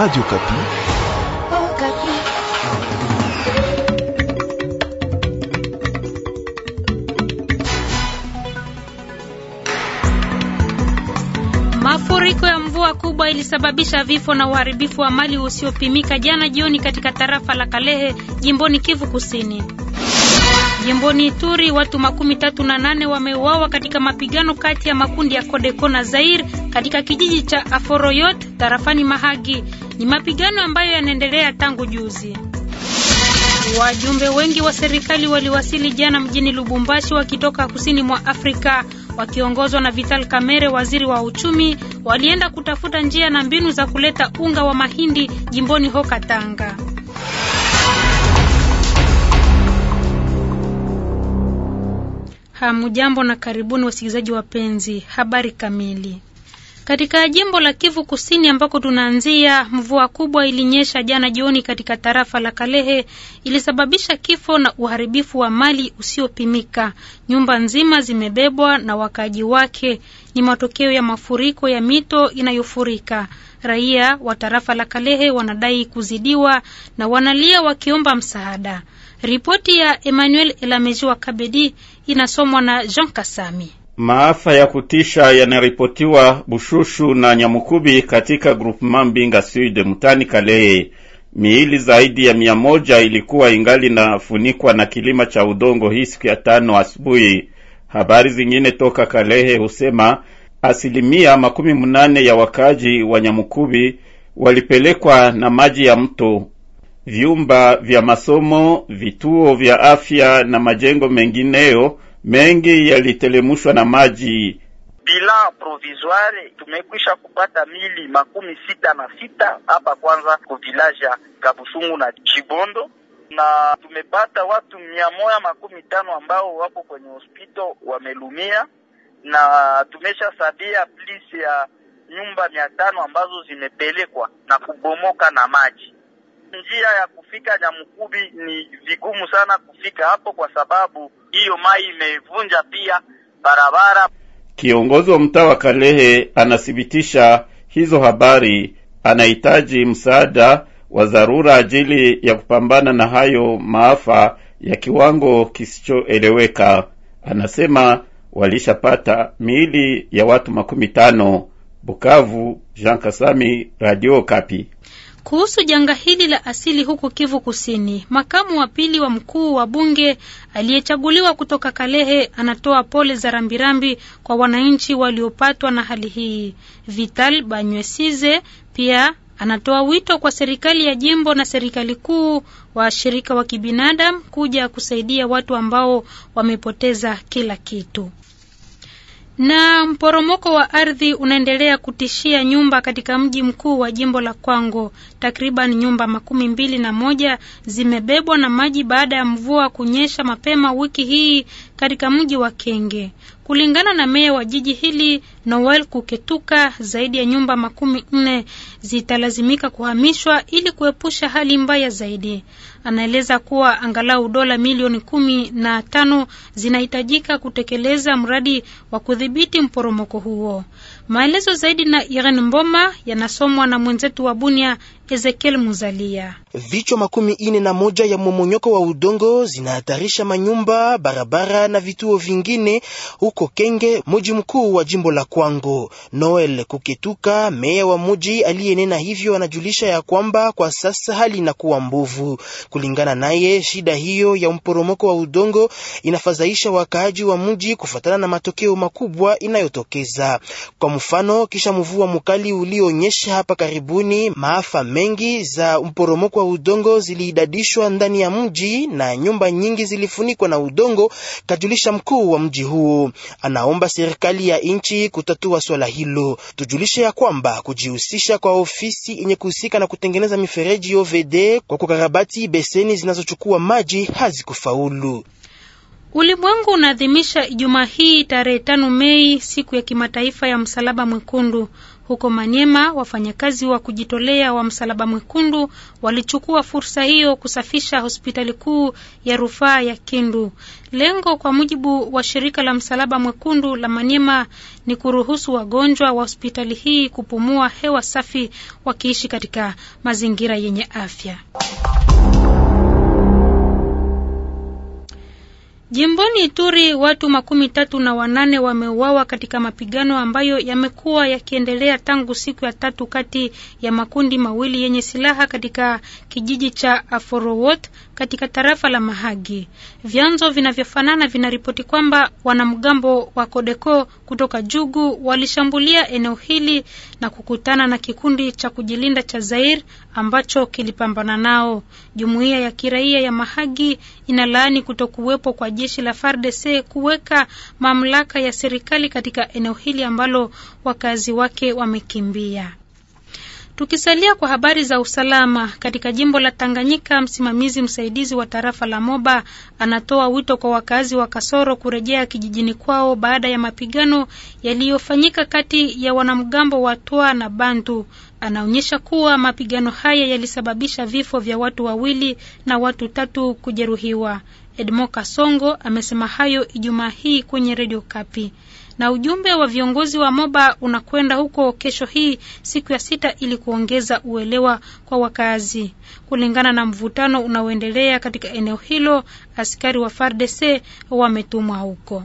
Radio Kapi. Oh, Kapi. Mafuriko ya mvua kubwa ilisababisha vifo na uharibifu wa mali usiopimika jana jioni katika tarafa la Kalehe jimboni Kivu Kusini. Jimboni Ituri watu makumi tatu na nane wameuawa katika mapigano kati ya makundi ya Kodeko na Zair katika kijiji cha Aforoyot tarafani Mahagi. Ni mapigano ambayo yanaendelea tangu juzi. Wajumbe wengi wa serikali waliwasili jana mjini Lubumbashi wakitoka kusini mwa Afrika wakiongozwa na Vital Kamerhe, waziri wa uchumi. Walienda kutafuta njia na mbinu za kuleta unga wa mahindi jimboni Hoka Tanga. Hamujambo na karibuni wasikilizaji wapenzi, habari kamili katika jimbo la Kivu Kusini ambako tunaanzia, mvua kubwa ilinyesha jana jioni katika tarafa la Kalehe, ilisababisha kifo na uharibifu wa mali usiopimika. Nyumba nzima zimebebwa na wakaaji wake, ni matokeo ya mafuriko ya mito inayofurika. Raia wa tarafa la Kalehe wanadai kuzidiwa na wanalia wakiomba msaada. Ripoti ya Emmanuel Elamejiwa Kabedi inasomwa na Jean Kasami. Maafa ya kutisha yanaripotiwa Bushushu na Nyamukubi katika Groupement Mbinga Sud mtani kalehe Miili zaidi ya mia moja ilikuwa ingali nafunikwa na kilima cha udongo hii siku ya tano asubuhi. Habari zingine toka Kalehe husema asilimia makumi mnane ya wakaji wa Nyamukubi walipelekwa na maji ya mto. Vyumba vya masomo, vituo vya afya na majengo mengineyo mengi yalitelemushwa na maji. Bila provisoire tumekwisha kupata mili makumi sita na sita hapa kwanza kuvilaja Kabusungu na Chibondo, na tumepata watu mia moja makumi tano ambao wako kwenye hospitali wamelumia, na tumesha sabia plisi ya nyumba mia tano ambazo zimepelekwa na kubomoka na maji. Njia ya kufika Nyamukubi ni vigumu sana kufika hapo kwa sababu hiyo mai imevunja pia barabara. Kiongozi wa mtaa wa Kalehe anathibitisha hizo habari, anahitaji msaada wa dharura ajili ya kupambana na hayo maafa ya kiwango kisichoeleweka. Anasema walishapata miili ya watu makumi tano. Bukavu, Jean Kasami, Radio Kapi. Kuhusu janga hili la asili huko Kivu Kusini, makamu wa pili wa mkuu wa bunge aliyechaguliwa kutoka Kalehe anatoa pole za rambirambi kwa wananchi waliopatwa na hali hii. Vital Banywesize pia anatoa wito kwa serikali ya jimbo na serikali kuu, washirika wa, wa kibinadamu kuja kusaidia watu ambao wamepoteza kila kitu. Na mporomoko wa ardhi unaendelea kutishia nyumba katika mji mkuu wa jimbo la Kwango. Takriban nyumba makumi mbili na moja zimebebwa na maji baada ya mvua kunyesha mapema wiki hii katika mji wa Kenge. Kulingana na meya wa jiji hili Noel Kuketuka, zaidi ya nyumba makumi nne zitalazimika kuhamishwa ili kuepusha hali mbaya zaidi. Anaeleza kuwa angalau dola milioni kumi na tano zinahitajika kutekeleza mradi wa kudhibiti mporomoko huo. Maelezo zaidi na Irene Mboma yanasomwa na mwenzetu wa Bunia Ezekiel Muzalia. Vichwa makumi ine na moja ya momonyoko wa udongo zinahatarisha manyumba, barabara na vituo vingine huko Kenge, muji mkuu wa jimbo la Kwango. Noel Kuketuka, meya wa muji aliyenena hivyo, anajulisha ya kwamba kwa sasa hali inakuwa mbovu. Kulingana naye, shida hiyo ya mporomoko wa udongo inafadhaisha wakaaji wa mji kufuatana na matokeo makubwa inayotokeza. Kwa mfano, kisha mvua mkali ulionyesha hapa karibuni, maafa me mengi za mporomoko wa udongo ziliidadishwa ndani ya mji na nyumba nyingi zilifunikwa na udongo, kajulisha mkuu wa mji huo. Anaomba serikali ya nchi kutatua swala hilo. Tujulishe ya kwamba kujihusisha kwa ofisi yenye kuhusika na kutengeneza mifereji OVD kwa kukarabati beseni zinazochukua maji hazikufaulu. Ulimwengu unaadhimisha Ijumaa hii tarehe tano Mei siku ya kimataifa ya msalaba mwekundu. Huko Manyema, wafanyakazi wa kujitolea wa Msalaba Mwekundu walichukua fursa hiyo kusafisha hospitali kuu ya rufaa ya Kindu. Lengo kwa mujibu wa shirika la Msalaba Mwekundu la Manyema ni kuruhusu wagonjwa wa hospitali hii kupumua hewa safi wakiishi katika mazingira yenye afya. Jimboni Ituri watu makumi tatu na wanane wameuawa katika mapigano ambayo yamekuwa yakiendelea tangu siku ya tatu kati ya makundi mawili yenye silaha katika kijiji cha Aforowot katika tarafa la Mahagi. Vyanzo vinavyofanana vinaripoti kwamba wanamgambo wa Kodeko kutoka Jugu walishambulia eneo hili na kukutana na kikundi cha kujilinda cha Zair ambacho kilipambana nao. Jumuiya ya kiraia ya Mahagi inalaani kutokuwepo kwa jeshi la FARDC kuweka mamlaka ya serikali katika eneo hili ambalo wakazi wake wamekimbia. Tukisalia kwa habari za usalama katika jimbo la Tanganyika, msimamizi msaidizi wa tarafa la Moba anatoa wito kwa wakazi wa Kasoro kurejea kijijini kwao baada ya mapigano yaliyofanyika kati ya wanamgambo wa Twa na Bantu. Anaonyesha kuwa mapigano haya yalisababisha vifo vya watu wawili na watu tatu kujeruhiwa. Edmo Kasongo amesema hayo Ijumaa hii kwenye redio Kapi na ujumbe wa viongozi wa Moba unakwenda huko kesho hii siku ya sita ili kuongeza uelewa kwa wakazi. Kulingana na mvutano unaoendelea katika eneo hilo, askari wa FARDC wametumwa huko.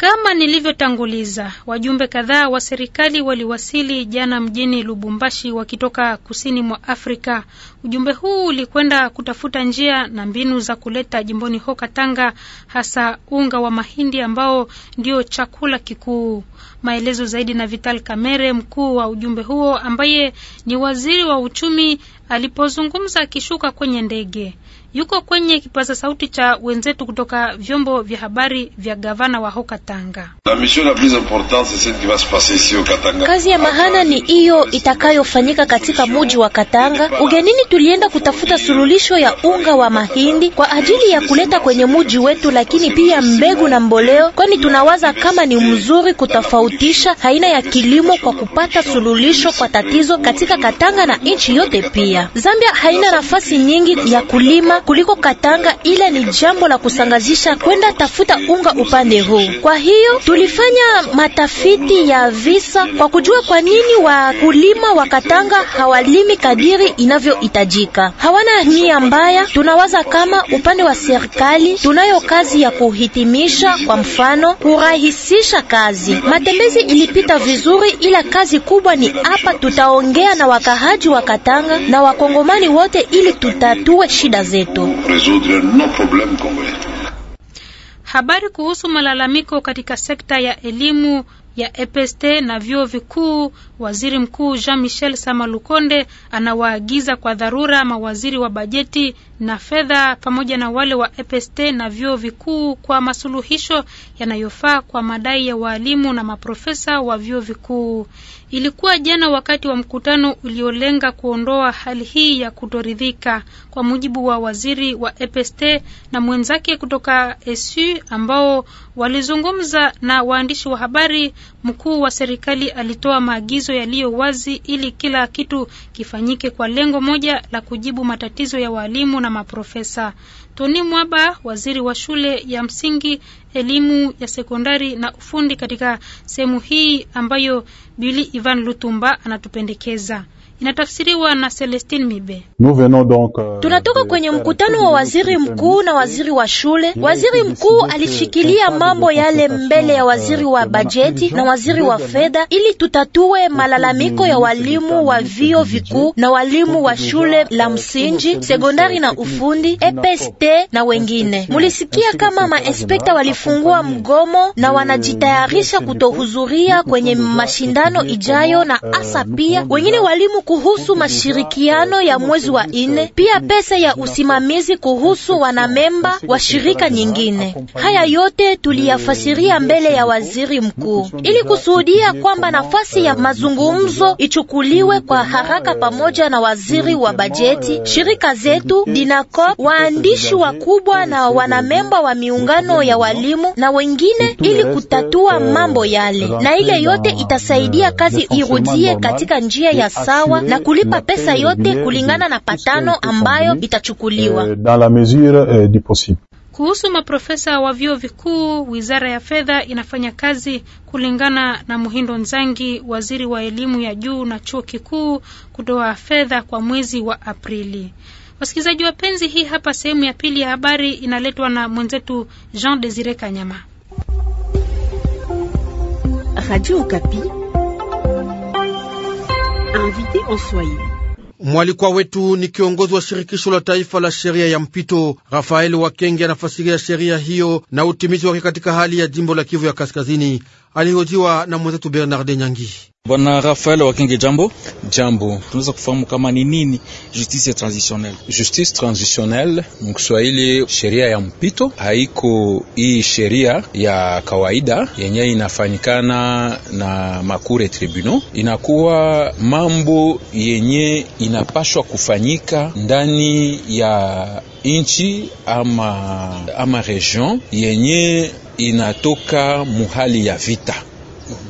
Kama nilivyotanguliza, wajumbe kadhaa wa serikali waliwasili jana mjini Lubumbashi wakitoka kusini mwa Afrika. Ujumbe huu ulikwenda kutafuta njia na mbinu za kuleta jimboni hoka tanga hasa unga wa mahindi ambao ndio chakula kikuu. Maelezo zaidi na Vital Kamere, mkuu wa ujumbe huo ambaye ni waziri wa uchumi, alipozungumza akishuka kwenye ndege yuko kwenye kipaza sauti cha wenzetu kutoka vyombo vya habari vya gavana wa Hoka Tanga. Kazi ya mahana ni hiyo itakayofanyika katika muji wa Katanga. Ugenini tulienda kutafuta suluhisho ya unga wa mahindi kwa ajili ya kuleta kwenye muji wetu, lakini pia mbegu na mboleo, kwani tunawaza kama ni mzuri kutofautisha aina ya kilimo kwa kupata suluhisho kwa tatizo katika Katanga na nchi yote. Pia Zambia haina nafasi nyingi ya kulima kuliko Katanga, ila ni jambo la kusangazisha kwenda tafuta unga upande huu. Kwa hiyo tulifanya matafiti ya visa kwa kujua kwa nini wakulima wa Katanga hawalimi kadiri inavyohitajika. Hawana nia mbaya, tunawaza kama upande wa serikali tunayo kazi ya kuhitimisha, kwa mfano kurahisisha kazi. Matembezi ilipita vizuri, ila kazi kubwa ni hapa. Tutaongea na wakahaji wa Katanga na wakongomani wote ili tutatue shida zetu watoto. Habari kuhusu malalamiko katika sekta ya elimu ya EPST na vyuo vikuu, waziri mkuu Jean Michel samalukonde anawaagiza kwa dharura mawaziri wa bajeti na fedha pamoja na wale wa EPST na vyuo vikuu kwa masuluhisho yanayofaa kwa madai ya waalimu na maprofesa wa vyuo vikuu. Ilikuwa jana wakati wa mkutano uliolenga kuondoa hali hii ya kutoridhika, kwa mujibu wa waziri wa EPST na mwenzake kutoka ESU ambao Walizungumza na waandishi wa habari, mkuu wa serikali alitoa maagizo yaliyo wazi ili kila kitu kifanyike kwa lengo moja la kujibu matatizo ya waalimu na maprofesa. Tony Mwaba, waziri wa shule ya msingi, elimu ya sekondari na ufundi katika sehemu hii ambayo Bili Ivan Lutumba anatupendekeza inatafsiriwa na Celestine Mibe. Euh, Tunatoka kwenye mkutano wa waziri mkuu na waziri wa shule. Waziri mkuu alishikilia mambo yale mbele ya waziri wa bajeti na waziri wa fedha, ili tutatue malalamiko ya walimu wa vio vikuu na walimu wa shule la euh, msingi, sekondari na ufundi, EPST e na wengine. Mulisikia kama maespekta walifungua mgomo na wanajitayarisha kutohudhuria kwenye mashindano ijayo, na asa euh, pia wengine walimu kuhusu mashirikiano ya mwezi wa ine, pia pesa ya usimamizi kuhusu wanamemba wa shirika nyingine. Haya yote tuliyafasiria mbele ya waziri mkuu ili kusudia kwamba nafasi ya mazungumzo ichukuliwe kwa haraka pamoja na waziri wa bajeti, shirika zetu Dinacop, waandishi wakubwa na wanamemba wa miungano ya walimu na wengine, ili kutatua mambo yale, na ile yote itasaidia kazi irudie katika njia ya sawa na kulipa pesa yote kulingana na patano ambayo itachukuliwa eh, eh, kuhusu maprofesa wa vyuo vikuu, wizara ya fedha inafanya kazi kulingana na Muhindo Nzangi, waziri wa elimu ya juu na chuo kikuu, kutoa fedha kwa mwezi wa Aprili. Wasikilizaji wapenzi, hii hapa sehemu ya pili ya habari, inaletwa na mwenzetu Jean Desire Kanyama, Radio Okapi invité en Swahili. Mwalikwa wetu ni kiongozi wa shirikisho la taifa la sheria ya mpito Rafael Wakenge, anafasiria sheria hiyo na utimizi wake katika hali ya jimbo la Kivu ya Kaskazini alihojiwa na mwenzetu bernard Nyangi. Bwana Rafael Wakenge, jambo jambo. Tunaweza kufahamu kama ni nini justice transitionnel? Justice transitionnelle Kiswahili sheria ya mpito, haiko hii sheria ya kawaida yenye inafanyikana na makure tribunal. Inakuwa mambo yenye inapashwa kufanyika ndani ya nchi ama, ama region yenye inatoka muhali ya vita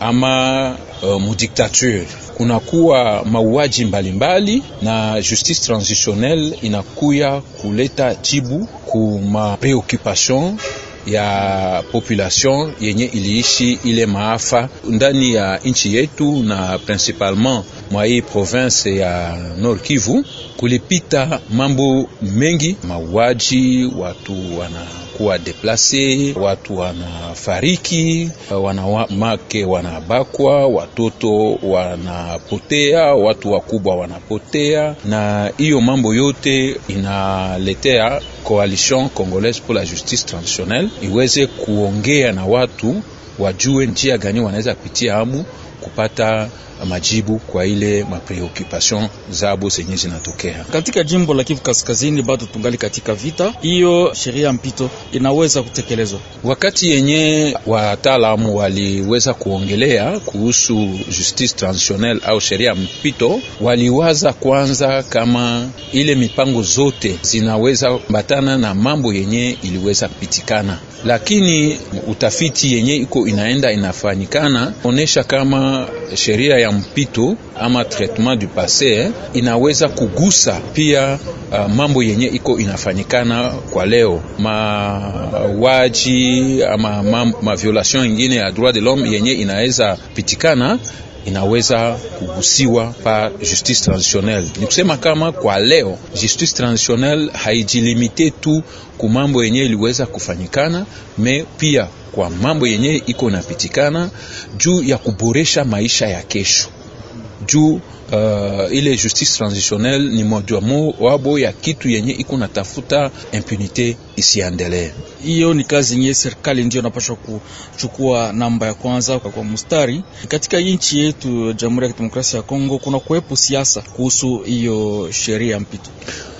ama uh, mudiktature kunakuwa mauaji mbalimbali na justice transitionnelle inakuya kuleta jibu ku ma preoccupation ya population yenye iliishi ile maafa ndani ya nchi yetu na principalement mwa hii province ya Nord Kivu, kulipita mambo mengi, mauaji, watu wana wanakuwa deplase, watu wanafariki, wanawake wanabakwa, watoto wanapotea, watu wakubwa wanapotea, na hiyo mambo yote inaletea Coalition Congolaise pour la Justice Transitionnelle iweze kuongea na watu wajue njia gani wanaweza pitia amu kupata majibu kwa ile mapreoccupation zabo zenye zinatokea katika jimbo la Kivu Kaskazini. Bado tungali katika vita hiyo, sheria ya mpito inaweza kutekelezwa wakati yenye wataalamu waliweza kuongelea kuhusu justice transitionnelle au sheria ya mpito, waliwaza kwanza kama ile mipango zote zinaweza kuambatana na mambo yenye iliweza kupitikana, lakini utafiti yenye iko inaenda inafanyikana onesha kama sheria ya mpito ama traitement du passé eh, inaweza kugusa pia uh, mambo yenye iko inafanyikana kwa leo, mawaji ama ma, ma violation ingine ya droit de l'homme yenye inaweza pitikana inaweza kugusiwa pa justice transitionelle. Ni kusema kama kwa leo justice transitionelle haijilimite tu ku mambo yenye iliweza kufanyikana, me pia kwa mambo yenye iko napitikana juu ya kuboresha maisha ya kesho, juu uh, ile justice transitionnelle ni moja wabo ya kitu yenye iko na tafuta impunite isiendelee. Hiyo ni kazi yenye serikali ndio napashwa kuchukua namba ya kwanza kwa mustari. Katika nchi yetu Jamhuri ya Kidemokrasia ya Kongo kuna kuwepo siasa kuhusu hiyo sheria mpito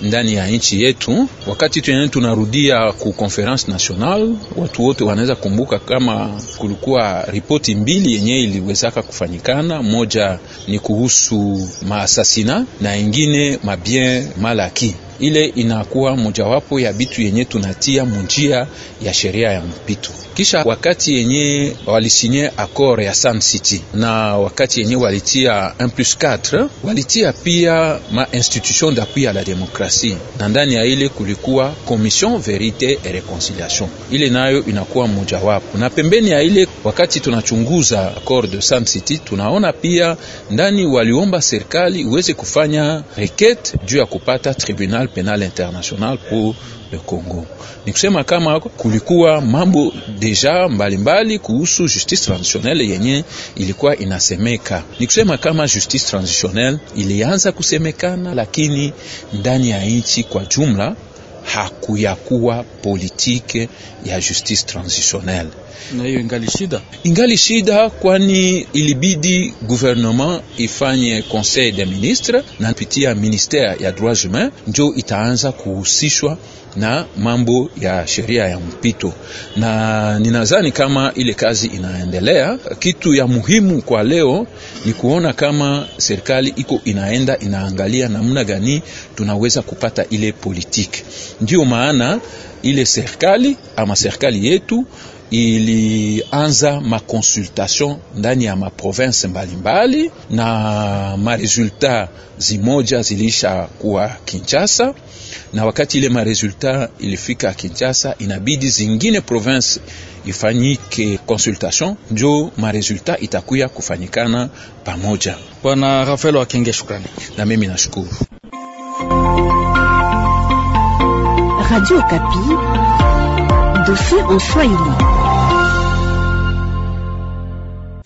ndani ya nchi yetu. Wakati tuene tunarudia ku conference nationale watu wote wanaweza kumbuka kama kulikuwa ripoti mbili yenye iliwezaka kufanyikana. Moja ni kuhusu maasasina na ingine mabien malaki ile inakuwa mojawapo ya bitu yenye tunatia munjia ya sheria ya mpito. Kisha wakati yenye walisinye akor ya Sun City na wakati yenye walitia 1 plus 4 walitia pia ma institution d'appui à la démocratie, na ndani ya ile kulikuwa commission verite et reconciliation, ile nayo inakuwa mojawapo. Na pembeni ya ile, wakati tunachunguza akor de Sun City, tunaona pia ndani waliomba serikali iweze kufanya rekete juu ya kupata tribunal pénal international pour le Congo. Ni kusema kama kulikuwa mambo deja mbalimbali kuhusu justice transitionnelle yenye ilikuwa inasemeka. Ni kusema kama justice transitionnelle ilianza kusemekana, lakini ndani ya nchi kwa jumla hakuyakuwa politike ya justice transitionnelle, na hiyo ingali shida, ingali shida, kwani ilibidi gouvernement ifanye conseil des ministres na pitia ministere ya droit humains njo itaanza kuhusishwa na mambo ya sheria ya mpito, na ninadhani kama ile kazi inaendelea. Kitu ya muhimu kwa leo ni kuona kama serikali iko inaenda inaangalia namna gani tunaweza kupata ile politiki, ndiyo maana ile serikali ama serikali yetu ilianza makonsultation ndani ya maprovince mbalimbali na maresultat zimoja zilisha kuwa Kinshasa, na wakati ile maresultat ilifika Kinshasa, inabidi zingine province ifanyike consultation, njo maresultat itakuya kufanyikana pamoja. Bwana Rafael Wakenge, shukrani. Na mimi nashukuru Radio Kapi. Dossier en Swahili.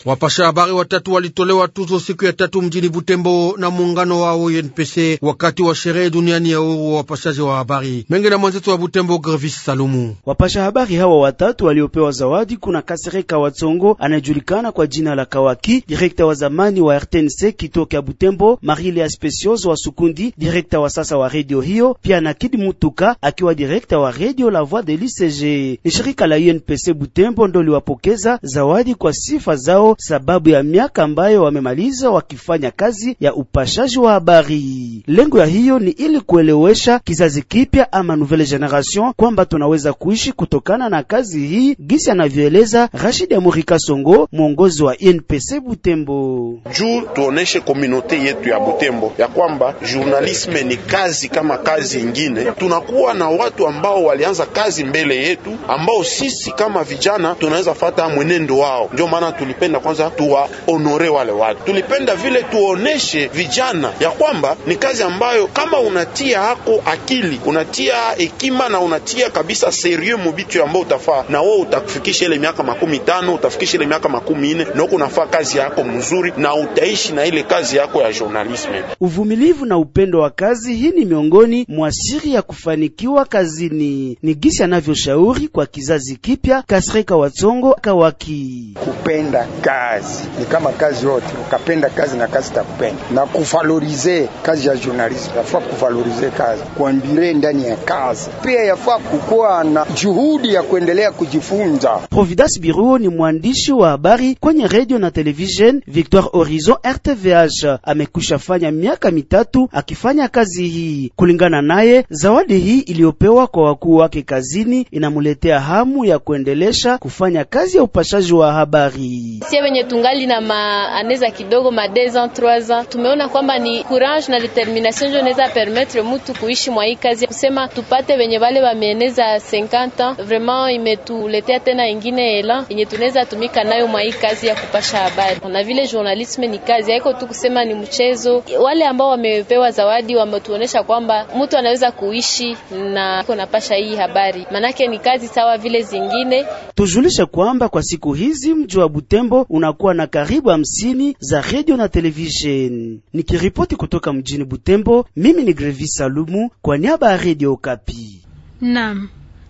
Wapasha habari watatu walitolewa tuzo siku ya tatu mjini Butembo na muungano wa UNPC wakati wa sherehe duniani ya uhuru wa wapashaji wa habari. Mengi na mwenzetu wa Butembo, Grevis Salumu. Wapasha habari hawa watatu waliopewa zawadi kuna Kasereka Watsongo anajulikana kwa jina la Kawaki, direkta wa zamani wa RTNC kitoka Butembo, Marile Specioso wa Sukundi, direkta wa sasa wa redio hiyo, pia na Kid Mutuka akiwa direkta wa redio La Voix de lucg Ni shirika la UNPC Butembo ndo liwapokeza zawadi kwa sifa zao sababu ya miaka ambayo wamemaliza wakifanya kazi ya upashaji wa habari. Lengo ya hiyo ni ili kuelewesha kizazi kipya ama nouvelle generation kwamba tunaweza kuishi kutokana na kazi hii, gisi anavyoeleza Rashid Amurika Songo, mwongozi wa INPC Butembo. Juu tuoneshe komunote yetu ya Butembo ya kwamba journalisme ni kazi kama kazi ingine. Tunakuwa na watu ambao walianza kazi mbele yetu, ambao sisi kama vijana tunaweza fata mwenendo wao, ndio maana tulipenda kwanza tuwaonore wale watu. Tulipenda vile tuoneshe vijana ya kwamba ni kazi ambayo kama unatia hako akili, unatia hekima na unatia kabisa serieux mubitu ambao utafaa na wewe utakufikisha ile miaka makumi tano, utafikisha ile miaka makumi nne na huko unafaa kazi yako mzuri na utaishi na ile kazi yako ya journalisme. Uvumilivu na upendo wa kazi hii ni miongoni mwa siri ya kufanikiwa kazini, ni gisi anavyoshauri kwa kizazi kipya Kasreka Watsongo Kawaki kupenda ka kazi ni kama kazi yote, ukapenda kazi na kazi takupenda na kufalorize kazi ya journalism, yafaa kufalorize kazi kuambire ndani ya kazi, pia yafaa kukuwa na juhudi ya kuendelea kujifunza. Providas Biruo ni mwandishi wa habari kwenye radio na television Victoire Horizon RTVH. Amekusha fanya miaka mitatu akifanya kazi hii. Kulingana naye, zawadi hii iliyopewa kwa wakuu wake kazini inamuletea hamu ya kuendelesha kufanya kazi ya upashaji wa habari Sie venye tungali na maaneza kidogo ma 2 ans 3 ans, tumeona kwamba ni courage na determination ndio inaweza permettre mtu kuishi mwa hii kazi, kusema tupate wenye wale wameeneza 50 ans. Vraiment imetuletea tena ingine elan yenye tunaweza tumika nayo mwa hii kazi ya kupasha habari, na vile journalisme ni kazi, haiko tu kusema ni mchezo. Wale ambao wamepewa zawadi wametuonesha kwamba mtu anaweza kuishi na napasha hii habari, manake ni kazi sawa vile zingine. Tujulishe kwamba kwa siku hizi mji wa Butembo unakuwa na karibu hamsini za redio na televisheni. Nikiripoti kutoka mjini Butembo, mimi ni Grevi Salumu kwa niaba ya redio Okapi. Naam,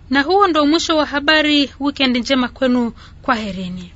na huo ndo mwisho wa habari. Wikendi njema kwenu, herini.